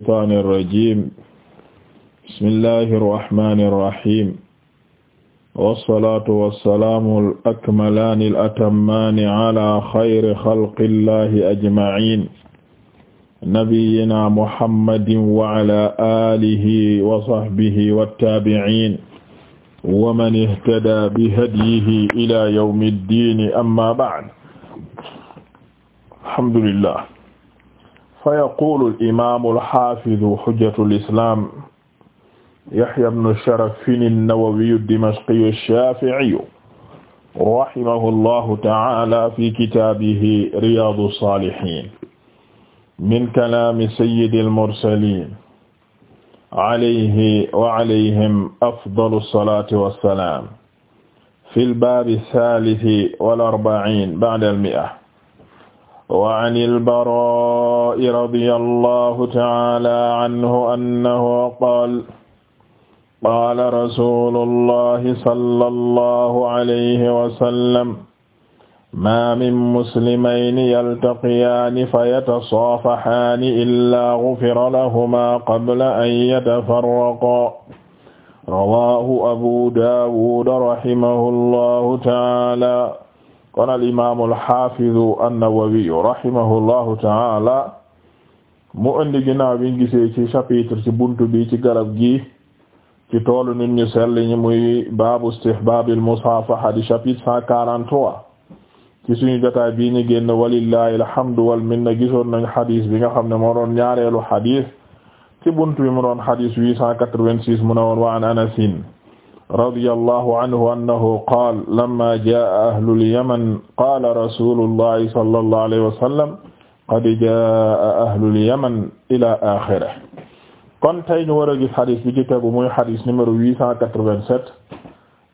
الشيطان الرجيم بسم الله الرحمن الرحيم والصلاة والسلام الأكملان الأتمان على خير خلق الله أجمعين نبينا محمد وعلى آله وصحبه والتابعين ومن اهتدى بهديه إلى يوم الدين أما بعد الحمد لله fa yaqulu al-imaamu al-haafidu hujjatu al-islaam Yahya ibnu Sharafin an-Nawawi ad-Dimashqi ash-Shaafi'i rahimahu llahu ta'aala fi kitaabihi Riyaadu as-Saalihiin min kalaami sayyidi al-mursaliin alayhi wa alayhim afdalu as-salaati was-salaam fil baabi ath-thaalith wal-arba'iin ba'da al-mi'a wa an al-Baraa'i radiyallahu ta'ala anhu annahu qaala qaala rasuulullahi sallallahu alayhi wa sallam maa min muslimayni yaltaqiyaani fayatasaafahaani illaa ghufira lahumaa qabla an yatafarraqaa rawaahu Abuu Daawuud rahimahullahu ta'ala kon al imaam al xaafidu an-Nawawi rahimahullahu taala mu indi ginnaaw bi ñu gisee ci chapitre ci buntu bi ci garab gi ci toolu nit ñu sell ñi muy baabu istihbaabil musaafaha di chapitre cent quarante-trois ci suñu jotaay bii ñu génn walillahi alhamdu wal minna gisoon na xadis bi nga xam ne moo doon ñaareelu xadis ci buntu bi mu doon xadis huit cent quatre-vingt-six mu ne woon wa an Anasin radiyallahu anhu annahu qaala lammaa jaa'a ahlul yaman qaala rasuulullahi sallallahu alayhi wa sallam qad jaa'a ahlul yaman ilaa aaxirih kon tey ñu war a gis xadis bi ci tegu muy xadis numéro 887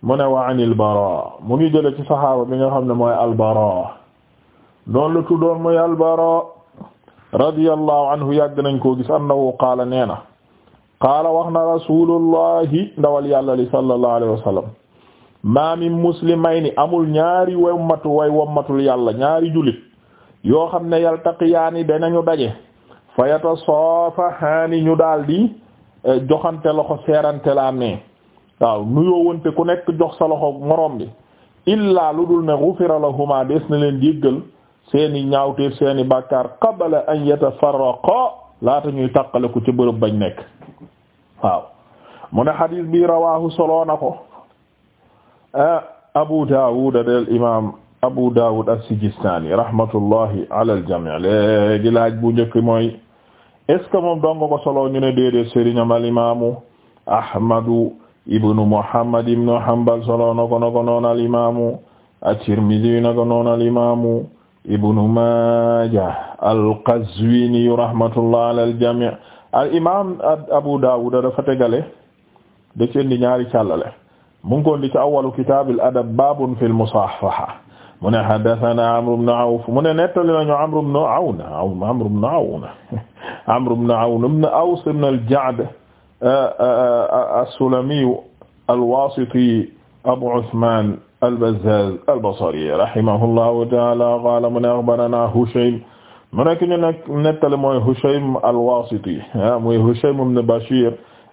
mu ne wa an al-Baraa mu ngi jële ci saxaaba bi nga xam ne mooy al-Baraa doon lu tuddoon mooy al-Baraa radiyallahu anhu yàgg nañ koo gis annahu qaala nee na qaala wax na rasulullahi ndawal yàlla li sallallahu alayhi wa sallam ma min muslimayni amul ñaari wammatu way wammatul yàlla ñaari julit yoo xam ne yaltaqiyaani danañu daje fa yatasaafahaani ñu daldi eh, joxante loxo seerante la amee waaw nuyoo wonte ku nekk jox sa loxo moroom bi illaa lu dul ne ghufira lahuma des na leen jéggal seeni ñaawteef seeni bàkkaar qabla an yatafarraqa laata ñuy taqale ko ci bërëb bañ nekk waaw mu ne eh, Abu Dawud Abu Dawud as-Sijistani rahmatullahi ala al-jami' léegi bu njëkk mooy est ce moom dong ko solo ñu ne déedéet al imaamu Ahmadu ibnu Muhammad ibnu Hanbal solo na ko noon al imaamu at-Tirmidhi na ko noon al imaamu ibnu Maaja al-Qazwini rahmatullahi al-jami' al imaam Abu Dawud dafa tegale da ci indi ñaari càllale mu ngi ko indi ci awwalu kitaabil adab baabun fil musaafaha mu ne haddasanaa Amr ibn Awf mu ne nettali nañu Amr ibn Awn Amr ibn Awn Amr ibn Awn ibn Aws ibn al-Ja'd as-Sulami al-Wasiti Abu Uthman al-Bazzaz al-Basri rahimahullahu ta'ala qaala mu ne akhbaranaa Hushaym mu nekk ñu nekk nettali mooy Hushaym al-Wasiti ah muy Hushaym ibn Bashir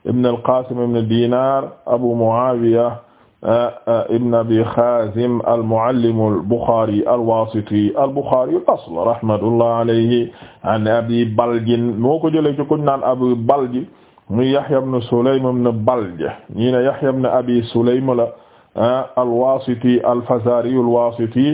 ibn al-Qasim ibn Dinar Abu Muawiya ibn Abi Khazim al-Muallim al-Bukhari al-Wasiti al-Bukhari al-asl rahmatullah alayhi an Abi Balj moo ko jëlee ci ku ñu naan Abu Balj muy Yahya ibn Sulaym ibn Balj ñii ne Yahya ibn Abi Sulaym la al-Wasiti al-Fazari al-Wasiti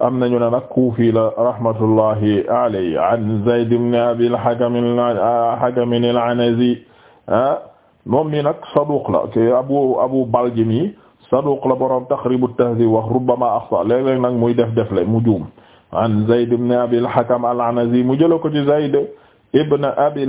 am nañu ne nag kuufi la rahmatullahi alayhi an Zayd ibn Abi al-Hakam al-Hakam al-Anazi ah, moom mi nag saduq la te Abu Abu Balji mi saduq la borom Taqrib at-Tahdhib wax rubbama axta léeg-léeg nag muy def def le mu juum an Zayd ibn Abi al-Hakam al-Anazi mu jëla ko ci Zayd ibn Abi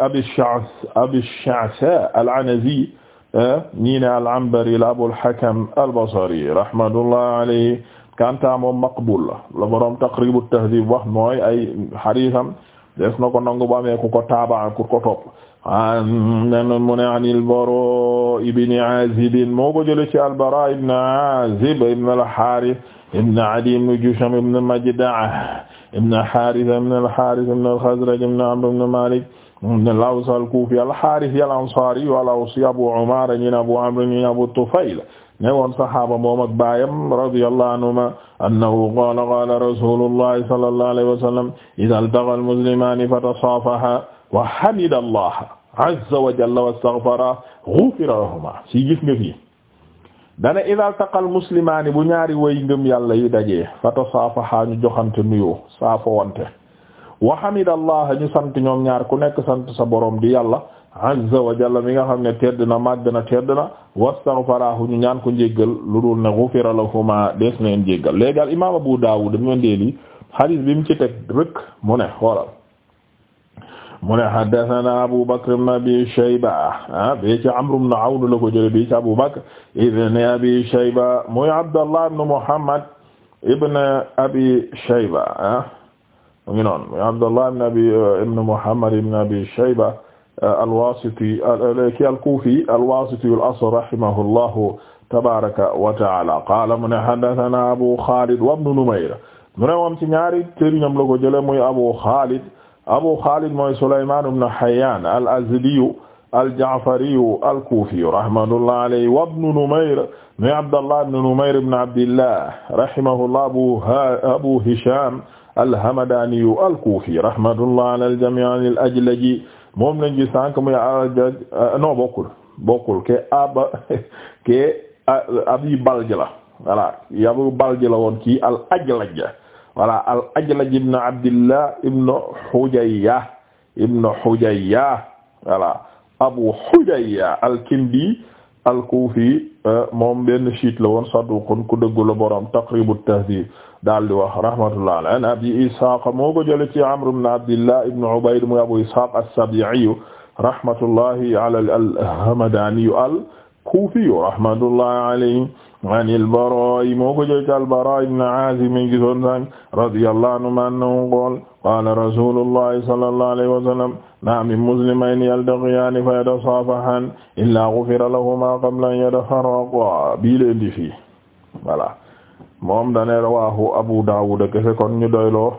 Abi Sha'sa Abi Sha'sa al-Anazi ah, ñii ne al-Anbari la Abu al-Hakam al-Basri rahmatullahi alayhi kanta moom maqbul la la borom taqribu tahdhib wax mooy ay xaritam des na ko nangu ba amee ku ko taaba ku ko topp anan mu ne an al-Bara ibn Azib moo ko jële ci al-Bara ibn Azib ibn al-Harith ibn Adi ibn Jusham ibn Majda'a ibn Harith ibn al-Harith ibn al-Khazraj ibn Amr ibn Malik ibn al-Aws al-Kufi al-Harith al-Ansari wal-Awsi Abu Umar ibn Abu Amr ibn Abu Tufayl ne woon saxaaba moom ak baayam radiyallahu anhuma annahu qaala qaala rasulullahi sallallahu alayhi wa sallam idha iltaqa wa hamida allaha wa jalla si gis nga fii dana idha iltaqa bu ñaari way ngëm yàlla yi dajee fatasafaha ñu joxante nuyoo saafo wante wa hamida ñu sant ñoom ñaar ku nekk sant sa borom di yàlla azza wa jalla mi nga xam ne tedd na màgg na tedd na wastaghfarahu ñu ñaan ko njéggal lu dul ne ghufira lahuma des na leen jéggal léegi al imaam Abu Dawud mu ndeeli hadith bi mu ci teg rek mu ne xoolal mu ne haddathana Abu Bakr ibn Abi Shayba ah bii ci Amr ibn Awn la ko jëlee bii ci Abu Bakr ibn Abi Shayba muy Abdallah ibn Muhammad ibn Abi Shayba ah mu ngi noonu muy Abdallah ibn Abi eh, ibn Muhammad ibn Abi Shayba Euh, alwasiti euh, ki alkuufi alwasiti al-asl rahimahullahu tabaaraka wa ta'aala qaala mu ne haddathanaa Abu Xaalid wa Ibnu Numayr mu ne moom ci ñaari sëriñam la ko jëlee muy Abu Xaalid Abu Xaalid mooy Sulaymaan ibnu Hayyaan al-Azdiyu al-Ja'fariyu al-Kuufiyu rahmatullahi alayhi wa Ibnu Numayr muy Abdallah ibnu Numayr ibnu Abdillah rahimahullah Abu Hishaam al-Hamdaaniyu al-Kuufi rahmatullahi alal jamii' al-Ajlaji moom lañ gis sànq muy ah, ah, non bokkul bokkul ke aba ke abi balj la voilà yabu balj woon kii al ajlaj voilà al ajlaj ibn abdillah ibn hujayya ibn hujayya voilà abu hujayya al al-Kufi eh, moom benn siit la woon saduqun ku dëggu la borom Taqrib at-Tahdhib daal di wax rahmatullah alayhi an Abi Ishaq moo ko jëlee ci Amr ibn Abdillah ibn Ubayd muy Abu Ishaq as-Sabi'i rahmatullahi ala al-Hamdani al-Kufi rahmatullahi alayhi an al-Baraa moo ko jël ci al-Baraa ibn Aazib mi gisoon sànq radiyallahu anhu annahu qaala qaala rasuulullahi sallallahu alayhi wa sallam maa min muslimayni yaltaqiyaani fa yatasaafahaan illaa gufira lahumaa qabla an yatafarraqaa bii leen di moom dane rawaahu Abu Daawud kese kon ñu doyloo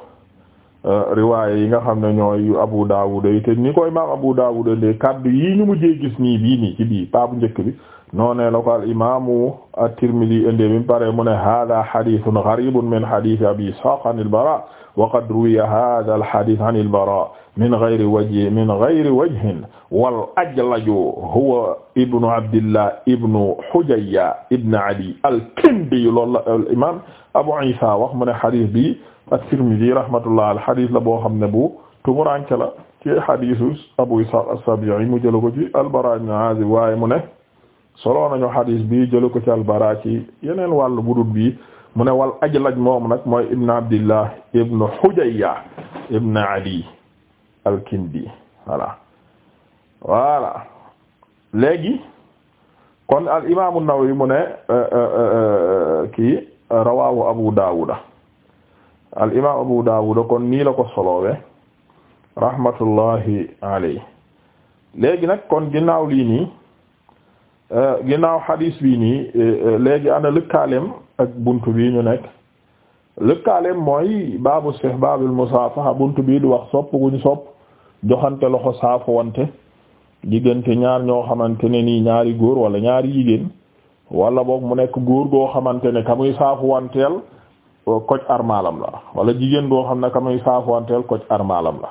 euh, riwaaya yi nga xam ne ñooy Abu Daawud yi te koy maam Abu Daawud de kaddu yi ñu mujjee gis nii bii nii ci bii paabu njëkk bi noonee la ko al imaamu at-Tirmidhi indi min pare mu ne hada hadithun gharibun min hadith abi Ishaq an al-Bara wa qad ruwiya hada al-hadith an al-Bara min ghayri wajhin min ghayri wajhin wal ajlaju huwa ibnu abdillah ibnu Hujayya ibnu Adi al-Kindi loolu al imaam Abu Isa wax mu ne hadith bi at-Tirmidhi rahmatullah al hadith la boo xam ne bu tumuraanke la ci hadithu Abu Ishaq as-Sabi'i mu jël ko ci al-Bara ibn Azib waaye mu ne solo nañu xadis bi jëlu ko ci albara ci yeneen wàllu budut bi mu ne wal ajlaj moom nag mooy ibn abdillah ibn hujayya ibn ali al-kindi voilà voilà léegi kon al imam an mu ne euh, euh, euh, kii rawahu abu dawuda al imam abu dawuda kon nii la ko soloowe rahmatullahi alayhi léegi nag kon ginnaaw lii nii Euh, ginnaaw hadis bi nii euh, euh, léegi ana lëkkaaleem ak bunt bi ñu nekk lëkkaaleem mooy baabu istihbaabil musaafaha bunt bi di wax sopp guñ sopp joxante loxo saafu wante diggante ñaar ñoo xamante ne nii ñaari góor wala ñaari jigéen wala boog mu nekk góor goo xamante ne ka muy saafu wanteel koc armaalam la wala jigéen goo xam ne ka muy saafu wanteel koc armaalam la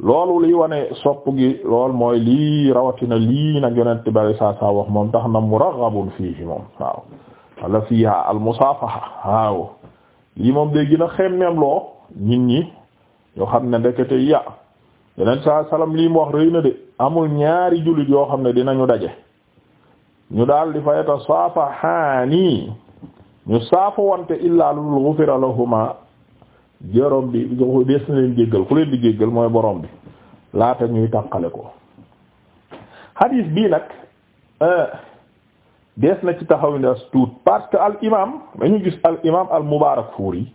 loolu li wane sopp gi lool mooy lii rawatina lii nag yonent bari saa wax moom tax na muraghabun fiihi moom waaw wala fiiha al waaw lii moom day gën a xemmeem loo nit ñi yoo xam ne ndekete ya yonent saa salaam lii mu wax rëy de amul ñaari jullit yoo xam ne dinañu daje ñu daal di fayata saafahaani ñu saafu wante illaa lul ghufira lahuma jorom bi des na leen jéggal ku leen di jéggal mooy borom bi laata ñuy tàqale ko hadith bii nag euh, des na ci taxaw tuut parce que al imaam dañu gis al imam al Mubarakfuri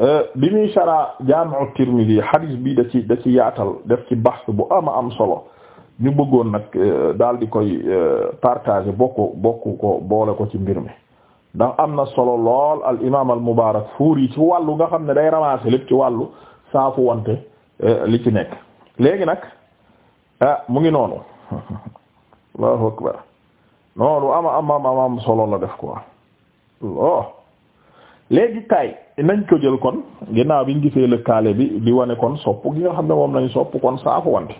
euh, bi muy shara Jaami'u Tirmidhi hadith bi da ci da ci yaatal def ci bahth bu am a am solo ñu bëggoon nag euh, daal di koy partager bokk bokk ko boole ko ci mbir mi ndax am na solo lool al imaam al mubaarak fuur yi ci wàllu nga xam ne day ramasser lépp ci wàllu saafu wante eh, li ci nekk léegi nag ah mu ngi noonu allahu akbar noonu ama ama ama am solo la def quoi oh léegi tay nañ ko jël bi ginnaaw biñ gisee lëkkaale bi di wane kon sopp gi nga xam ne moom lañ sopp kon saafu wante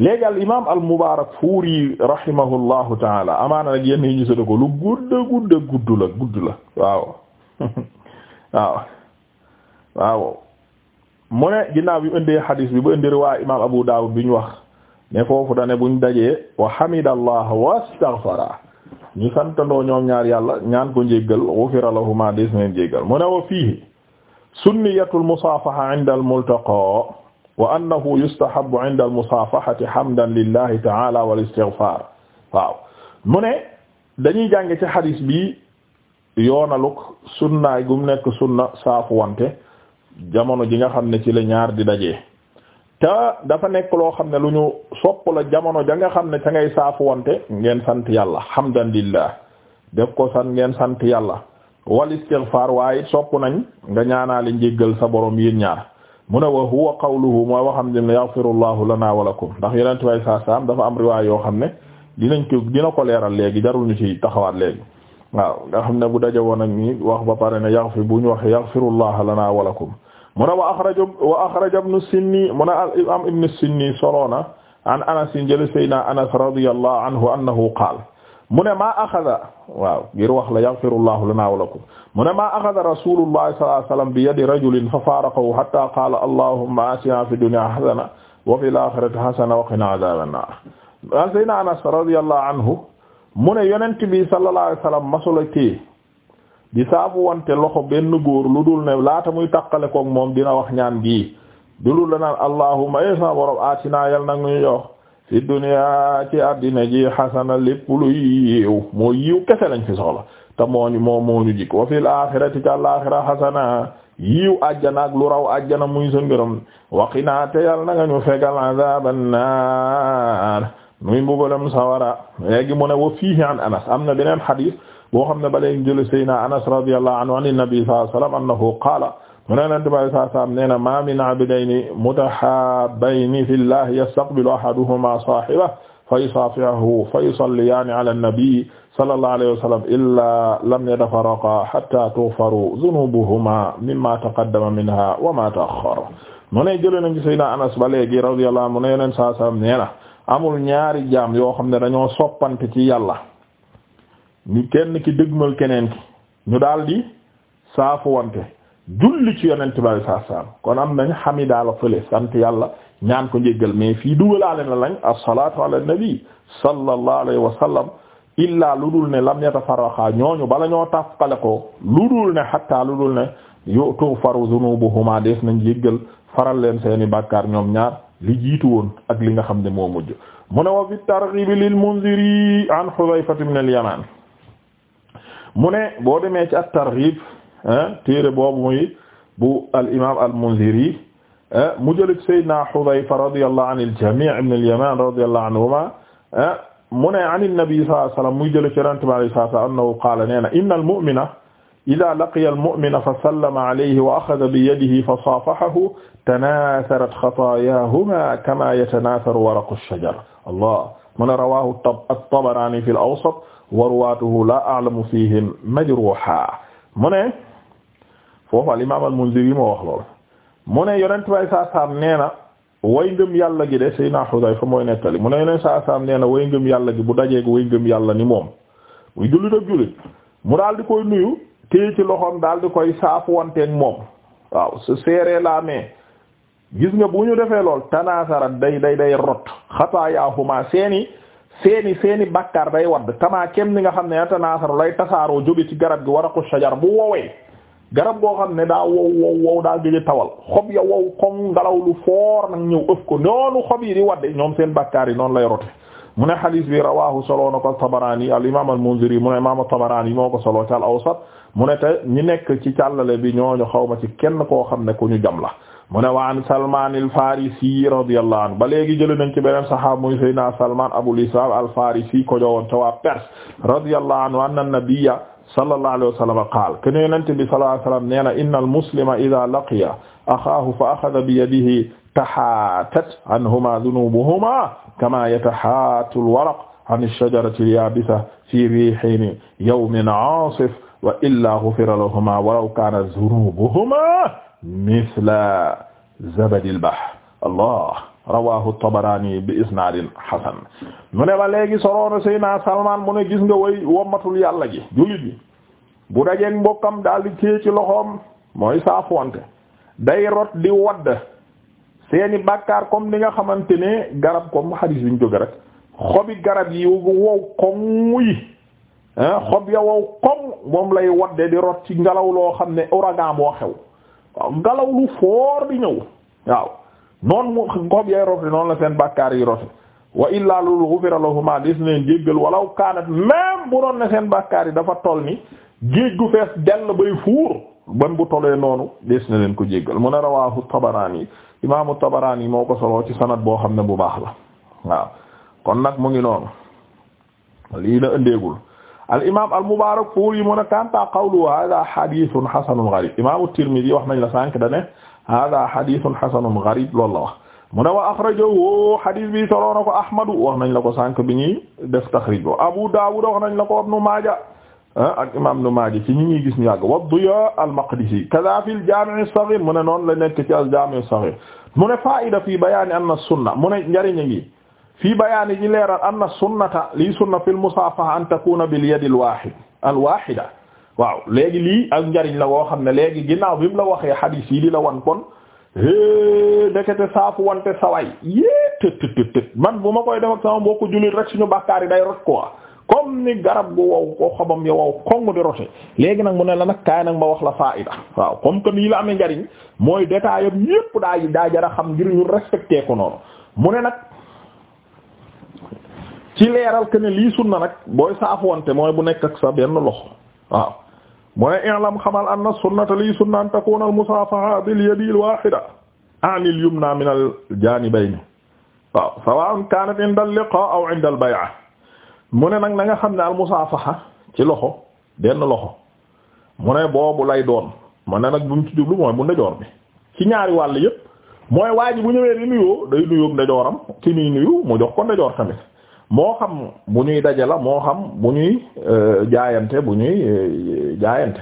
léegi al imaam al mubaarak fuuri rahimahullahu taala amaana nag yenn yi ñu sëdd ko lu gudda gudda gudd la gudd la waaw waaw waaw mu ne ginnaaw bi indee xadiis bi ba indi riwaaya imaam abu daawud bi ñu wax ne foofu dane buñ dajee wa hamidallah wa ñu santandoo ñoom ñaar yàlla ñaan ko njéggal ghufira lahuma des neen jéggal mu ne wa fiihi sunniyatul musaafaha inda al multaqa wa annahu yustahabbu inda al-musaafahati hamdan lillahi ta'ala wal istighfar waaw mu ne dañuy jànge ci xadis bi yoonaluk sunnaay gum nekk sunna saafu wante jamono ji nga xam ne ci la ñaar di dajee te dafa nekk loo xam ne lu ñu sopp la jamono ja nga xam ne ca ngay saafu wante ngeen sant yàlla hamdan lillah de ko san ngeen sant yàlla wal istighfar waaye sopp nañ nga ñaanaale njéggal sa borom yin ñaar mu ne wa huwa qawluhu mooy waxam ne yaghfirullahu lana wa lakum ndax yeneen way saa saam dafa am riwaay yoo xam ne dinañ ko dina ko leeral léegi jarul ñu ci taxawaat léegi waaw nga xam ne bu daje woon ak ñi wax ba pare ne yaghfir bu ñu waxee yaghfirullahu lana wa lakum mu ne wa akhraja wa akhraja ibnu Sinni mu ne al imam ibnu Sinni soloona an Anas jële Seydina Anas radiyallahu anhu annahu qaala mu ne maa waaw ngir wax la yaghfirullahu lana wa lakum mu ne maa axada rasulullahi sallallahu alayhi wasallam bi yadi rajulin fa faaraqahu hatta qaala allahumma atina fi dunya hasana wa fil akhirati hasana wa qina adhaban nar wa sayna anas radiyallahu anhu mu ne yonent bi sallallahu alayhi wasallam masula di saabu wante loxo benn góor lu dul ne laata muy tàqale koog moom dina wax ñaan gi dulul la naan allahumma ay eh, sa borom yal nag ñu jox fi dunya ci addina ji xasana lépp lu yiw moo yiw kese lañ fi soxla te moo ñu moo moo ñu jik wa fil axirati ci àlaxira xasana yiw àjjana ak lu raw àjjana muy sa ngërëm waqinaa te yàlla na nga ñu fegal azaban naar muy mbugalam sawara léegi mu ne wa fiihi an anas am na beneen xadis boo xam ne ba léegi jële sayna anas radiyallahu anhu an nabi sallallahu alayhi wa sallam annahu qaala mu ne leen tubaab saa saam nee na maa min abdayni mutahabbayni fillah yastaqbilu ahaduhuma saahibahu fa yusaafihuhu fa yusalliyaani ala an-nabi sallallahu alayhi wa sallam illaa lam yatafarraqaa hattaa tughfara dhunuubuhumaa mimmaa taqaddama minhaa wa maa ta'akhkhara mu ne jëlee nañ ci Seydina Anas ba léegi radiyallahu anhu mu ne yeneen saa saam nee na amul ñaari jaam yoo xam ne dañoo soppante ci yàlla ñu kenn ki dëgmal keneen ki ñu daldi saafuwante julli ci yonent bi saa saam kon am nañ xamidaa la fële sant yàlla ñaan ko njéggal mais fii dugalaale na lañ as-salaatu ala nabi sallallahu alayhi wa sallam illaa lu dul ne lam yatafarraqa ñooñu bala ñoo tàqale ko lu dul ne xatta lu dul ne yu tufaru dunubuhuma def nañ jéggal faral leen seeni bàkkaar ñoom ñaar li jiitu woon ak li nga xam ne moo mujj mu ne wa fi targhib lil munziri an Hudhayfa ibn al-Yaman mu ne boo demee ci at téere boobu muy bu al imaam al Munziri mu jëlit sayyidina Hudayfa radiyallahu anil jamii ibn al Yaman radiyallahu anhuma mu ne an nabi sallallahu alayhi wasallam muy jële ci yonent bi sallallahu alayhi wasallam annahu qaala nee na inna al mu'mina ida laqiya almumina fa sallama alayhi wa axada bi yadihi fa saafahahu tanaasarat xataayaahuma kama yatanaasaru waraqu shajar allah mu ne rawahu at-Tabaraani fi al-Awsat wa ruwaatuhu laa a'lamu fiihim majruuha mu ne foofu al imaam al Munziri moo wax lool mu ne yonent bay saa saam nee na way ngëm yàlla gi de Seydina Xudayfa mooy nettali saa saam nee na way ngëm yàlla gi bu dajeeg way ngëm yàlla ni moom jullit ak jullit mu daal di koy nuyu téye ci loxoom daal di koy saafu wanteeg moom waaw su seeree la amee gis nga bu ñu defee lool tanaasara day day day rot xataayaahuma seeni seeni seeni bakkaar day wadd kamaa kem ni nga xam ne tanaasara lay tasaaroo jóge ci garab gi waraqu shajar bu wowee garab goo xam ne daa wow wow wow daa gëj tawal xob ya wow koŋ ngelaw lu foor nag ñëw ëf ko noonu xob yi di wadde ñoom seen bakkaar yi noonu lay rote mu ne xadis bi rawahu soloo na ko tabarani al imam al munziri mu ne imam tabarani moo ko soloo ci al awsat mu ne te ñi nekk ci càllale bi ñooñu xaw ma ci kenn koo xam ne ku ñu jam la mu ne wa an salman al farisi radiyallahu anhu ba léegi jële nañ ci beneen sahaaba muy sayyidina salman abul islam al farisi ko jowoon ca waa perse radiyallahu anhu anna sallallahu alayhi wa sallam qaal kene yonente bi sallallahu alayhi wa sallam nee na inna al muslima ida laqiya axaahu fa axada bi yadihi tahaatat anhuma dunubuhuma kama yatahaatu alwaraq an alshajarati alyabisa fi rihin yawmin aasif wa illa ghufira lahuma walaw kana dunubuhuma misla zabadil bahr allah rawahu tabarani bi isnadin hasan mu ne ba léegi soroona naa salman mu ne gis nga woy wommatul yàlla ji jullit bi bu dajeeg mbokkam daal di téye ci loxoom mooy saafonte day rot di wadd seeni bàkkaar comme ni nga xamante ne garab comme hadis bi ñu jóge rek xobi garab yi wow koŋ yi xob ya wow koŋ moom lay wadde di rot ci ngelaw loo xam ne ouragan boo xew waaw ngelaw lu foor di ñëw waaw noonu mu ngoob yay rote noonu la seen bàkkaar yi rote wa illaa lul ghufira lahuma des leen jéggal walaw kaanat même bu doon ne seen bàkkaar yi dafa toll ni géej gu fees dell bay fuur ban bu tolee noonu des na leen ko jéggal mu ne rawaahu Tabaraani imaamu Tabaraani moo ko soloo ci sanad boo xam ne bu baax la waaw kon nag mu ngi noonu lii la ëndeegul al imaam al mubaarak fuur yi mu ne kanta qawlu hada hadithun hasanun gharib imaamu Tirmidhi wax nañ la sànq da hada hadithun hasanun gharib loolu la wax mu ne wa akhrajahu hadith bi soroona ko ahmadu wax nañ la ko sànq bi ñuy def taxrij bo abu dawud wax nañ la ko ibnu maaja ah, ak imam ibnu maaja ci ñi ñuy gis ñu yàgg wa diya al-maqdisi kaza fi al-jami' as-saghir mu ne noonu la nekk ci al-jami' as-saghir mu ne faida fii bayaani anna sunna mu ne njëriña ngi fii bayaani ji leeral anna sunnata li sunna fi al-musafaha an takuna bil yadi al-wahid al-wahida waaw léegi lii ak njariñ la woo xam ne léegi ginnaaw bi mu la waxee xadiis yi di la wan kon hee ndekete saafu wante saway yée tët tët man bu ma koy def ak sama mbokku jullit rek suñu bàkkaar yi day rot quoi comme ni garab gu wow ko xobam ya wow kong di rote léegi nag mu ne la nag kaay nag ma wax la faida waaw comme que nii la amee njariñ mooy détail am yépp daa daa jara xam ngir ñu respecté ko noonu mu ne nag ci leeral que ne lii na nag booy saafu wante mooy bu nekk ak sa benn loxo waaw mu ne i'lam xamal anna sunnata li sunna an takuna al musaafaha bil yadi al wahida an al yumna min al janibayn waaw sawa'an kanat inda al liqa aw inda al bay'a mu ne nag na nga xam ne al musaafaha ci loxo benn loxo mu ne boobu lay doon mu ne nag bu mu ci jublu mooy bu ndejoor bi ci ñaari wàll yépp mooy waa ji bu ñëwee di nuyoo day nuyoo ndejooram ki muy nuyu mu jox ko ndejoor tamit moo xam bu ñuy daje la moo xam bu ñuy euh, jaayante bu ñuy euh, jaayante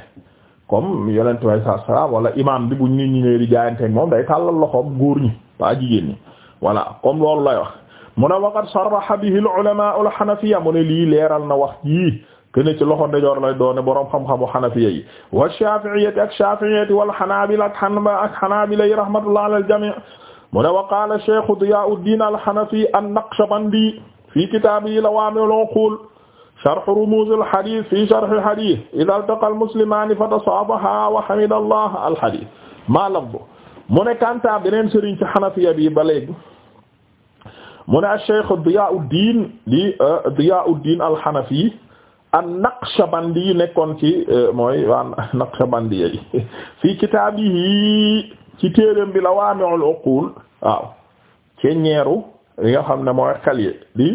comme yonent way sa salaam wala imam bi bu nit ñi ñëwee di jaayante moom day tàllal loxo góor ñi waa jigéen ñi voilà comme loolu lay wax mu ne waqad sarraha bihi al-ulama al-hanafiyya mu ne lii leeral na wax yii kene ci loxo ndejoor lay doone boroom xam-xamu xanafiya yi wa shafi'iyyati ak shafi'iyyati wal hanabila ak hanba ak hanabila yi rahmatullah ala al-jami' mu ne wa qala shaykh Diya'uddin al-Hanafi fi kitaabihi lawaami'ul uquul sharh rumuuzil hadiis fi sharhil hadiis izaa iltaqal muslimaani fatasaabahaa wa hamidallaah al hadiis maa lafzuhu mu ne Kantaa beneen sëriñ ci Hanafiya bi ba léegi mu ne Cheikh Diyaa'uddiin di euh, Diyaa'uddiin al-Hanafi an-Naqshbandi yi nekkoon ci euh, mooy waa Naqshbandi yi fii kitaabihi ci téereem bi Lawaami'ul Uquul waaw ci ñeeru yi nga xam ne mooy xel di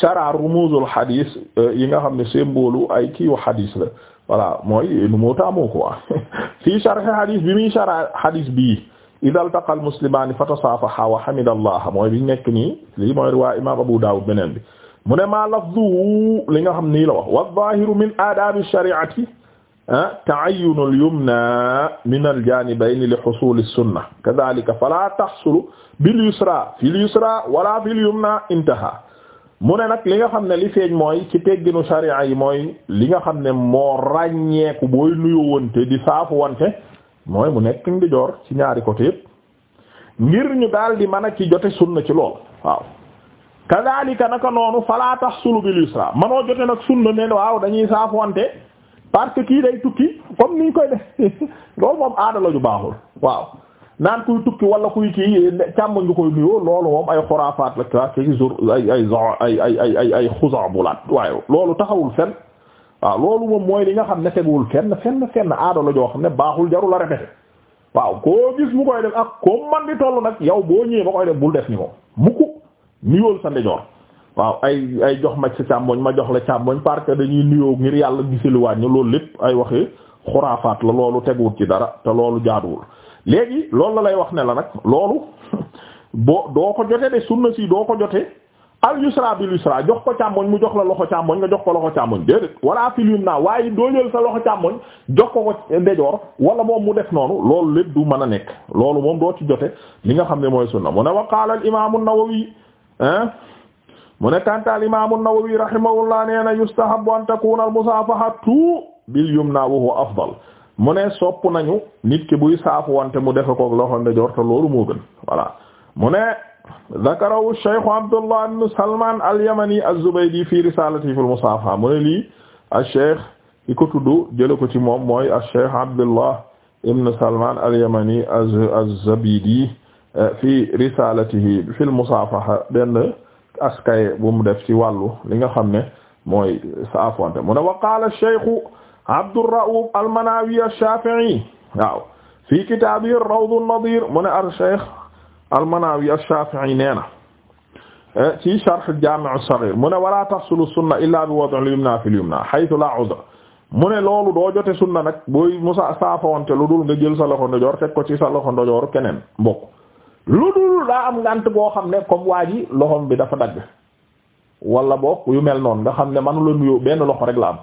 shara rumuzul hadis euh, yi nga xam ne symbole ay kiiwu hadis la voilà mooy nu moo taamu quoi fii sharh hadis bi muy shara hadis bii idal taqal muslimaani fatasaafaha wa hamidallah mooy bi nekk nii lii mooy riwaa imaam Abu Dawud beneen bi mu ne maa li nga xam nii la wax wa zaahiru min aadaabi shari'ati Ah, ta'ayyun al-yumna min al-janibayn li husul as-sunnah kadhalika fala tahsulu bil yusra fil yusra wala bil yumna intaha mu ne nag li nga xam ne li feeñ mooy ci tegginu sharia yi mooy li nga xam ne moo ràññeeku booy nuyoo wante di saafu wante mooy mu nekk ndijoor ci ñaari côté yëpp ngir ñu daal di mën a ci jote sunna ci lool waaw kadhalika naka noonu fala tahsulu bil yusra manoo jote nag sunna ne waaw dañuy saafu wante parce que kii day tukki comme niñ koy def loolu moom aada la ñu baaxul waaw naan kuy tukki wala kuy kii càmm nga koy nuyoo loolu moom ay xuraafaat la quoi kii jour ay ay ay ay ay ay ay xuzabulaat waaye loolu taxawul fenn waaw loolu moom mooy li nga xam ne teguwul fenn fenn fenn aada la joo xam ne baaxul jarul a répété waaw koo gis mu koy def ak koo man di toll nag yow boo ñëwee ba koy def bul def ni moom mukk niyool sa ndejoor waaw ay ay jox ma sa càmmoñ ma jox la càmmoñ parce que dañuy nuyoo ngir yàlla gisaliwaat ñu loolu lépp ay waxi xuraafaat la loolu teguwut ci dara te loolu jaaduwul léegi loolu la lay wax ne la nag loolu boo doo ko jote de sunna si doo ko jote al yusra bil yusra jox ko càmmoñ mu jox la loxo càmmoñ nga jox ko loxo càmmoñ déedéet wala fil yum naa waaye doo jël sa loxo càmmoñ jox ko ko ndejoor wala moom mu def noonu loolu lépp du mën a nekk loolu moom doo ci jote li nga xam ne mooy sunna mu mu ne kanta al imam an-Nawawi rahimahullah nee na an takuna al musafahatu bil yumna wa huwa afdal mu sopp nañu nit ki buy wante mu defe koog loxo ndeyjoor te loolu moo gën voilà mu ne zakarahu Abdullah ibn Salman al-Yamani az-Zubaydi fi risalatihi fil al-Cheikh ki ko ci moom mooy al-Cheikh Abdullah ibn Salman al-Yamani az-Zubaydi fi risalatihi fil musafaha benn askay bu mu def ci wàllu li nga xam ne mooy saafonte mu ne wa qaala cheikhu Abdurrauf al-Manawi ash-Shafi'i waaw fii kitaabi Rawd an-Nadir mu ne ar cheikh al-Manawi ash-Shafi'i nee na eh, ci sharh al-Jami' as-Saghir mu ne wala tahsulu sunna illa bi wad'i al-yumna fi al-yumna mu ne loolu doo jote sunna nag booy musa saafonte lu dul nga jël sa loxo ndojoor teg ko ci sa loxo ndojoor keneen mbokk lu dul daa am ngànt boo xam ne comme waa ji loxom bi dafa dagg wala boog yu mel noonu nga xam ne manu la nuyoo benn loxo rek la am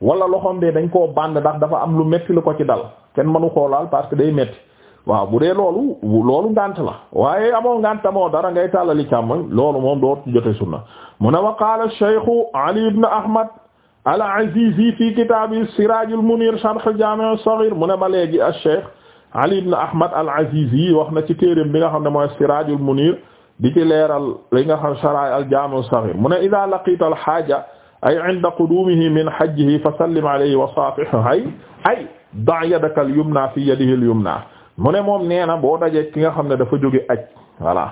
wala loxom de dañ koo bànd ndax dafa am lu metti lu ko ci dal kenn manu koo laal parce que day metti waaw bu dee loolu loolu ngànt la waaye amoo ngànt amoo dara ngay tàllali càmmoñ loolu moom doo jote sunna mu ne wa qaala Cheikh Ali ibn Ahmad al-Azizi fi kitaabi Siraaj al-Munir sharh al-Jaami' mu ne ba léegi al-Cheikh Ali ibn Ahmad al-Azizi wax na ci téereem bi nga xam ne mooy Siraajul Muniir di ci leeral li nga xam sharaay al-Jaami' as-Saxiir mu ne idaa laqiita al xaaja ay inda quduumihi min hajjihi fa sallim alayhi wa saafihhu ay ay da' yadaka al-yumnaa fi yadihi al-yumnaa mu ne moom nee boo dajee ki nga xam ne dafa jóge aj voilà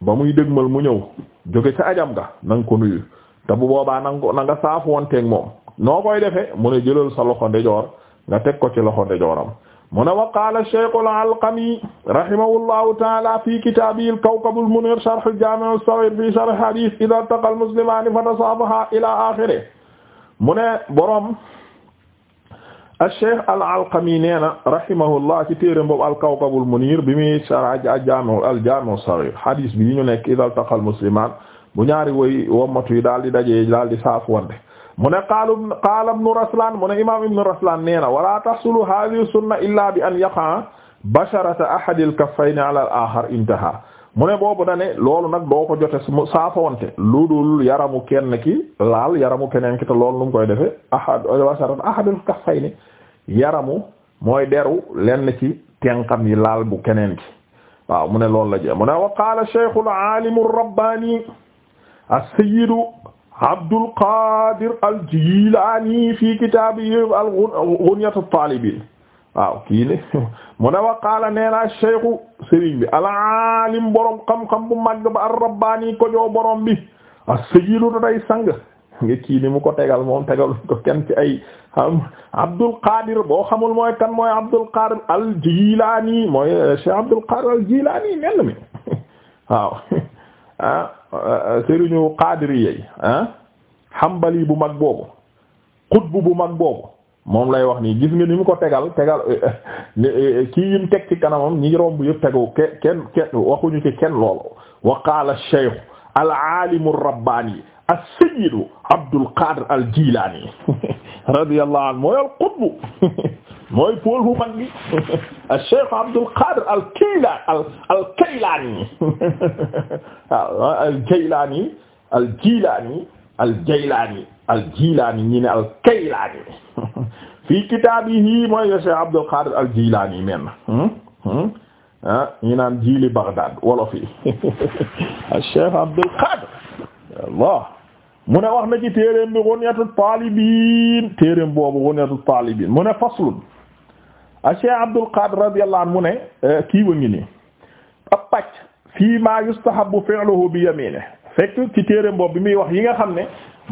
ba muy dëgmal mu ñëw jóge ca ajam ga nang ko nuyu te bu boobaa na nga ko na nga moom noo koy defee mu ne jëlal sa loxo ndejoor nga teg ko ci loxo ndejooram mu ne wa qaala Cheikh al-Alqami rahimahullahu ta'ala fi kitaabihi al-Kawkab al-Munir sharh al-Jaami' as-Saghir fi sharh hadith idha iltaqa al-muslimaani fatasaafaha ila akhirih mu ne borom Cheikh al-Alqami nee na rahimahullah ci téere boobu al-Kawkab al-Munir bi muy sharh al-Jaami' al-Jaami' as-Saghir hadith bi ñu nekk idha iltaqa al-muslimaan bu ñaari woy wommatu yi daal di daje daal di saafwante mu ne qaalu qaala ibnu raslan mu ne imam ibnu raslan nee na wala tahsulu hadhihi sunna illa bi an yaqa basharata ahadi al-kaffayni ala intaha mu ne dane loolu nag doo ko jote saafawante lu dul yaramu kenn ki laal yaramu keneen ki te loolu nu mu koy defee basharata ahadi al yaramu mooy deru lenn ci tenkam yi laal bu keneen ki waaw mu la jee mu ne wa qaala shaykhul aalimu rabbaani as-sayyidu Abdul Qadir al-Jilani fi kitaabihi al-Ghunyat at-Talibin waaw kii ne mu ne wa qaala bi al-alim borom xam-xam bu mag ba ar-Rabbani ko joo borom bi as-sayyidu day sang nga kii ni mu ko tegal moom tegal ko kenn ci ay Abdul Qadir boo xamul mooy kan mooy Abdul Qadir al-Jilani mooy Cheikh Abdul mi waaw. Ah, ah sëriñu xaadiri yey ah xambali bu mag boobu xutbu bu mag boobu moom lay wax nii gis nga ni mu ko tegal tegal kii yim teg ci kanamam ñi romb yëpp tegu kenn kenn waxuñu ci kenn loolu wa qaala ash-shaykh al-aalimu ar-rabbaani as-sayyidu Abdul Qaadir al-Jiilaani radiyallahu anhu mooy al-qutb mooy pool bu mag bi Cheikh Abdul Qadir al Kaylaan al al Kaylaani waaw al Kaylaani al Jilaani al Jaylaani al Jilaani ñi ne al Kaylaani fii kitaabihi mooy Cheikh Abdul Qadir al Jilaani men hmm? Hmm? ah ñi naan jiili Baghdad wolof yi Cheikh Abdul Qadir Allah mu ne wax na ci téereem bi Ghunyatut Taalibin téereem boobu Ghunyatut Taalibin mu ne faslun Cheikh Abdul Qadir radiyallahu anhu mu ne eh, kii wa ngi nii ab pàcc fii ma yustahabu fi'luhu bi yaminihi fekk ci téere boobu bi muy wax yi nga xam ne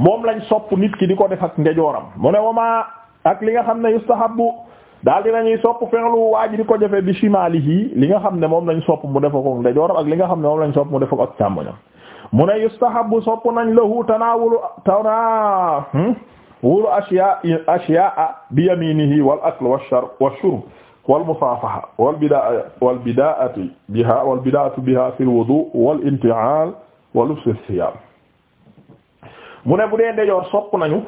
moom lañ sopp nit ki di ko def ak ndejooram mu ne wama ak li nga xam ne yustahabu daal dinañuy sopp fi'luhu waa ji di ko jëfe bi shimalihi li nga xam ne moom lañ sopp mu def ko ndejooram ak li nga xam ne moom lañ sopp mu def ko ak càmmoñam mu ne yustahabu sopp nañ lahu tanaawulu tanaa hmm? wóolu ashiya ashiya bi yaminihi wal akl wa shar wa shurb wal musaafaha wal bidaa wal bidaa'atu biha wal bidaa'atu biha fil wudu wal inti'aal wa lubs as-siyaab mu ne bu dee ndejoor sopp nañu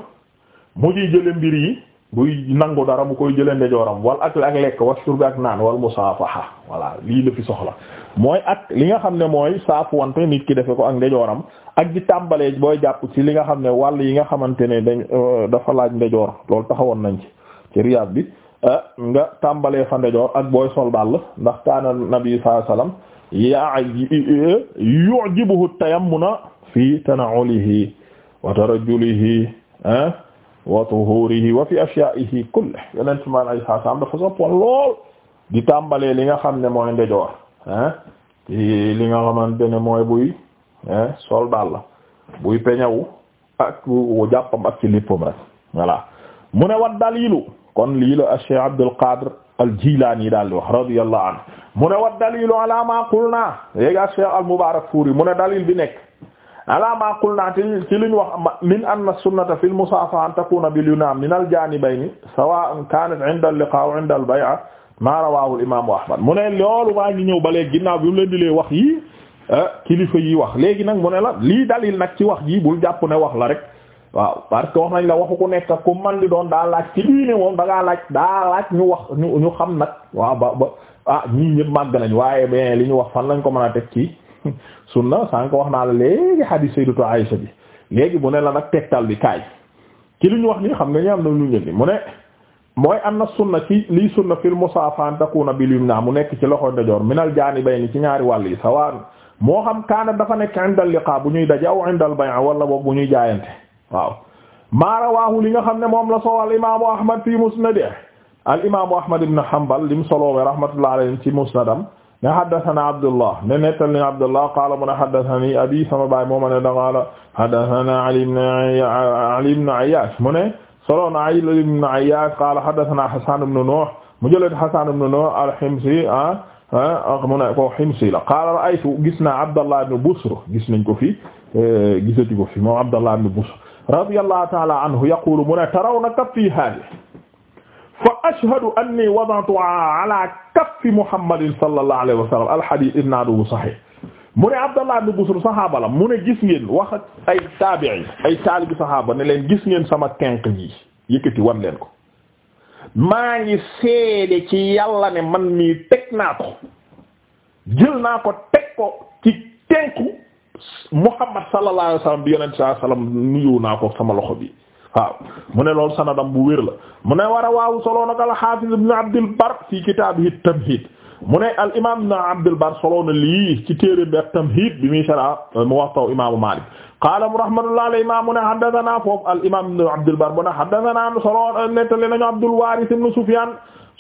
mu ciy jële mbir yi buy nangu dara bu koy jëlee ndejooram wal ak ak lekk wastur bi ak naan wal musaafaha voilà lii la fi soxla mooy ak li nga xam ne mooy saafu wante nit ki defe ko ak ndejooram ak di tàmbalee booy jàpp ci li nga xam ne wàll yi nga xamante ne dañ euh, dafa laaj ndejoor loolu taxawoon nañ ci ci riyaad bi euh, nga tàmbalee fa ndejoor ak booy sol dàll ndax kaana nabi sallallahu alayhi wasallam yaa yu'jibuhu tayammuna fi tana'ulihi wa tarajjulihi wa tuhurihi wa fi ashyaihi kulli yeneen ci maanaam ay saasaam dafa soppoon lool di tàmbalee li nga xam ne mooy ndejoor ah li nga xamante ne mooy buy sol daal la buy peñawu ak jàppam ak ci lippam rek voilà mu ne wat dalilu kon lii la Cheikh Abdul Qadir al-Jilani daal di wax radiyallahu anhu mu ne wat dalilu ala ma qulna léegi Cheikh al-Mubarak Furi mu ne dalil bi nekk. alaa ala ma qulna ci liñ wax min anna sunnata fil musaafaha an takuna bil yunaam min al jaanibayni sawaa'an kaanat 'inda al liqaa' aw 'inda al bay'a maa rawaahu al imaam Ahmad mu ne loolu maa ngi ñëw ba léegi ginnaaw bi mu leen di lee wax yi eh, kilifa yi wax léegi nag mu ne la lii dalil nag ci wax ji bul jàpp ne wax la rek waaw parce que wax nañ la waxu ku nekk ku man di doon daal laaj ci diine moom da laaj daa laaj ñu wax ñu ñu xam nag waaw ba ba ah ñii nañ waaye mais li ñu wax fan lañ ko mën a teg ci sunna sànq wax naa la léegi hadith sayyidatu Aisha bi léegi mu ne la nag tegtal bi kaay ci li ñu wax nii xam nga ñu am na lu ñu ni mu ne mooy am na sunna ci liy sunna fil musaafan takuna bil yumna mu nekk ci loxo ndajoor minal jaanibayni ci ñaari wàll yi sawaan moo xam kaana dafa nekk indal liqaa bu ñuy daje aw indal bay'a wala boobu bu ñuy jaayante waaw maarawaahu li nga xam ne moom la soo al imaamu ahmad fi musnadih al imaamu ahmad ibn hanbal lim soloowe rahmatullah alayhi ci musnadam ne haddathana Abdullah ne nettal ni Abdullah qaala mu ne haddathani abi sama baay moo ma ne da qaala haddathana Ali ibn Ali ibn Ayyash mu ne solo na Ali ibn Ayyash qaala haddathana Hasan ibn Nuh mu jëlee Hasan ibn Nuh al-Himsi ah, ah mu ne ko Himsi la qaala ra'aytu gis naa Abdullah ibn Busr gis nañ ko fi eh, gisati ko fi moom Abdullah ibn Busr radiyallahu ta'ala anhu yaqulu mu ne tarawna kaffi haadihi ashhadu anni wada'tu ala kaffi muhammadin sallallahu alayhi wa sallam alhadith isnaaduhu sahih mu ne Abdallah ibn Busr saxaaba la mu ne gis ngeen wax ak ay taabi'i ay taalibi saxaaba ne leen gis ngeen sama tenq yi yëkkati wan leen ko maa ngi seede ci yàlla ne man mii teg naa ko naa ko teg ko ci tenku Muhammad sallallahu alayhi bi yonent sallallahu alayhi wa sallam nuyoo naa ko sama loxo bi waaw mu ne loolu sanadam bu wér la mu ne war a waaw solo nag al hafiz ibn abdul bar fi kitaabihi tamhid mu ne al imam ibn abdul bar solo na lii ci téere bi ak tamhid bi muy sara muwatta imaamu malik qaala rahmatullah alayhi ma mu ne haddathana foofu al imam ibn abdul bar mu ne haddathana solo nettali nañu abdul waaris ibn sufyan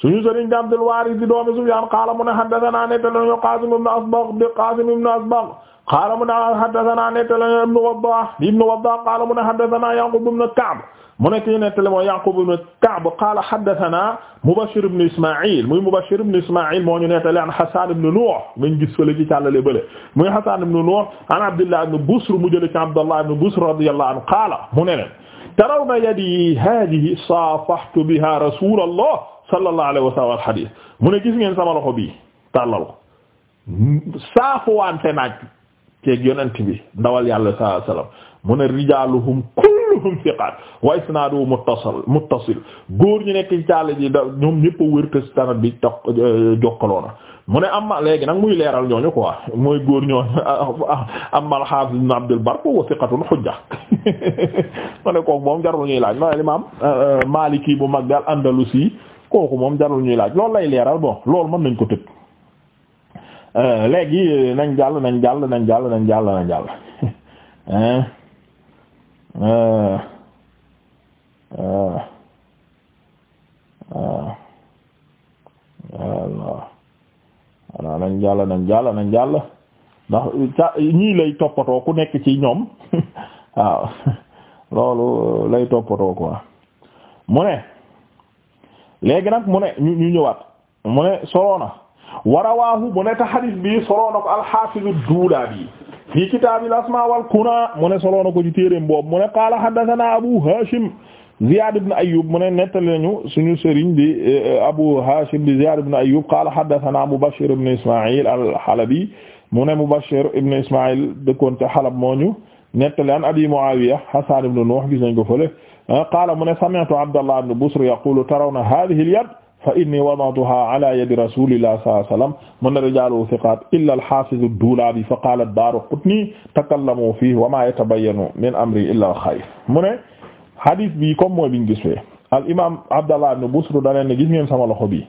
suñu sëriñ abdul waaris di doomi sufyan qaala mu ne haddathana nettali nañu qasim ibn asbagh bi qasim ibn asbagh qaala mu ne haddasanaa nettali ibnu Waddaah ibnu Waddaah qaala mu ne haddasanaa Yaquub ibnu Ka'b mu ne kii nettali mooy Yaquub ibnu Ka'b qaala haddasanaa Mubashir ibnu Ismaa'iil muy Mubashir ibnu Ismaa'iil moo ñu nettali an Hassan ibnu Nuh min gis fële ci càllale bële muy Hassan ibnu Nuh an Abdullah ibnu Busr mu jële ci Abdullah ibnu Busr radiyallahu anhu qaala mu ne leen tarawna yadii haadihi saafahtu bihaa rasuulallah sallallahu alayhi wa sallam al hadiis mu ne gis ngeen sama loxo bii tàllal ko saafuwante naaj wàcceeg yonent bi ndawal yàlla sallallahu alayhi wasallam mu ne rijaluhum kulluhum thiqat wa isnaduhu muttasil muttasil góor ñu nekk ci càll ji da ñoom ñëpp a wër bi tax euh, jokkaloo mu ne am léegi nag muy leeral ñooñu quoi mooy góor ñoo amma al-hafiz ibn abdul bar wa thiqatun hujja moom jarul laaj ma imam euh, bu mag daal andalusi kooku moom jarul ñuy laaj loolu lay leeral bon loolu mën nañ ko tëb Euh, léegi nañ jàll nañ jàll nañ jàll nañ jàll nañ jàll euh, euh, voilà nañ jàll nañ jàll nañ jàll ndax ñii lay toppatoo ku nekk ci ñoom waaw loolu lay toppatoo quoi mu ne léegi nag mu ne ñu ñu ñëwaat mu ne soroona wa rawaahu mu ne te xadis bi solo na ko al-Hafiz ad-Duulabi fi kitaab al-asmaa wal kunaa mu ne solo na ko ci téereem boobu mu ne qaala haddathanaa Abu Haashim Ziyaad ibn Ayyub mu ne nettali nañu suñu sëriñ bi e, e, Abu Haashim di Ziyaad ibn Ayyub qaala haddathanaa Mubashshir ibn Ismaa'iil al-Halabi mu ne Mubashshir ibn Ismaa'iil dëkkoon ca Halab moo ñu nettali an Abi Mu'aawiya Hasaan ibn Nuh gis nañ ko fële qaala mu ne sami'tu Abdallah ibn Busr yaquulu tarawna haadhihi al-yad fa inni wada'tuha ala yadi rasulillah sallallahu alayhi wasallam mun rijalu thiqat illa al-hafiz ad-Dulabi fa qala ad-Daraqutni takallamu fihi wa ma yatabayyanu min amri illa al-khayr mu ne hadith bi comme mooy biñ gis fee al imam Abdallah ibn Busr da ne gis ngeen sama loxo bi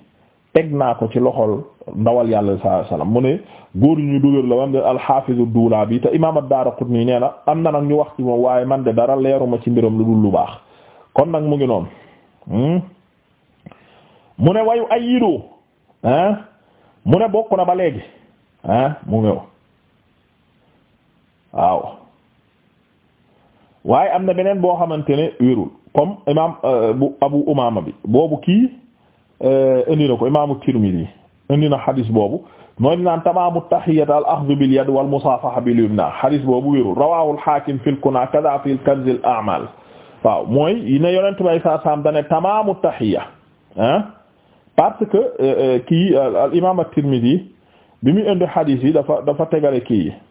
teg naa ko ci loxol ndawal yàlla sallallahu alayhi wasallam mu ne góor ñu dugal la wam de al-hafiz ad-Dulabi te imam ad-Daraqutni nee na am na nag ñu wax ci waaye man de dara leeruma ci mbiram lu dul lu baax kon nag mu ngi noonu hmm? mune wayu ay yidu ah mu ne bokk na ba léegi mu ngew waaw am na beneen boo xamante ne wérul comme imam euh, bu abu umama bi boobu kii euh, indi na ko imaamu tirmidi indi na xadis boobu mooy naan tamaamu tahiyyat al axdu bil wal musaafaha bil yumna boobu wérul rawahu al haakim fil kunaa kadaa fil kanz al a'maal waaw ne yonent bay saa saam dane tamaamu tahiyya parce que euh, euh, kii euh, al imaam at-Tirmidhi bi muy indi hadith yi dafa dafa tegale kii yi